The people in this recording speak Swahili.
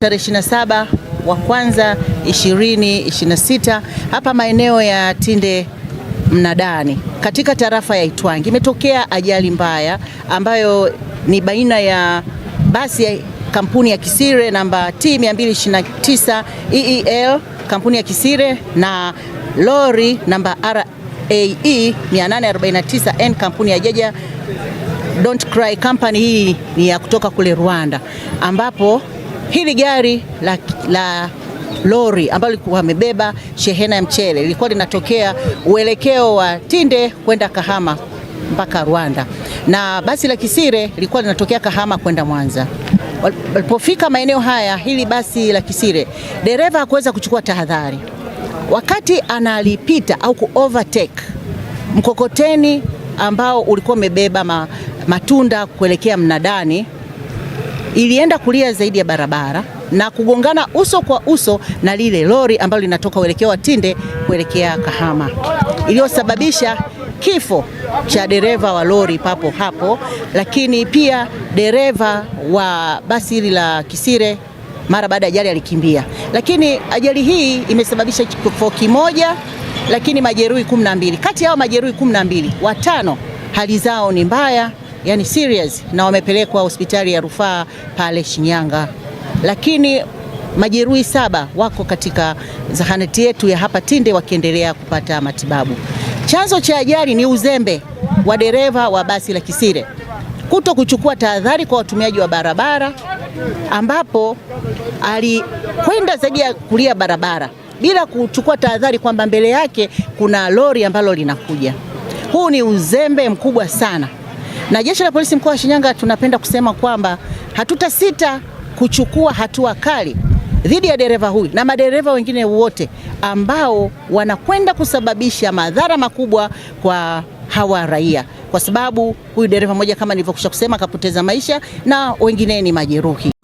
tarehe 27 wa kwanza 2026 hapa maeneo ya Tinde Mnadani katika tarafa ya Itwangi imetokea ajali mbaya ambayo ni baina ya basi ya kampuni ya Kisire namba T 229 EEL kampuni ya Kisire na lori namba RAE 849N kampuni ya Jeja Don't Cry Company. Hii ni ya kutoka kule Rwanda ambapo Hili gari la, la lori ambalo lilikuwa wamebeba shehena ya mchele lilikuwa linatokea uelekeo wa Tinde kwenda Kahama mpaka Rwanda, na basi la Kisire lilikuwa linatokea Kahama kwenda Mwanza. Walipofika maeneo haya, hili basi la Kisire, dereva hakuweza kuchukua tahadhari. Wakati analipita au ku overtake mkokoteni ambao ulikuwa umebeba matunda kuelekea mnadani ilienda kulia zaidi ya barabara na kugongana uso kwa uso na lile lori ambalo linatoka uelekeo wa Tinde kuelekea Kahama, iliyosababisha kifo cha dereva wa lori papo hapo, lakini pia dereva wa basi hili la Kisire mara baada ya ajali alikimbia. Lakini ajali hii imesababisha kifo kimoja, lakini majeruhi kumi na mbili. Kati yao majeruhi kumi na mbili, watano hali zao ni mbaya yani serious, na wamepelekwa hospitali ya rufaa pale Shinyanga, lakini majeruhi saba wako katika zahanati yetu ya hapa Tinde wakiendelea kupata matibabu. Chanzo cha ajali ni uzembe wa dereva wa basi la Kisire kuto kuchukua tahadhari kwa watumiaji wa barabara, ambapo alikwenda zaidi ya kulia barabara bila kuchukua tahadhari kwamba mbele yake kuna lori ambalo linakuja. Huu ni uzembe mkubwa sana. Na jeshi la polisi mkoa wa Shinyanga tunapenda kusema kwamba hatutasita kuchukua hatua kali dhidi ya dereva huyu na madereva wengine wote ambao wanakwenda kusababisha madhara makubwa kwa hawa raia, kwa sababu huyu dereva mmoja kama nilivyokusha kusema akapoteza maisha na wengine ni majeruhi.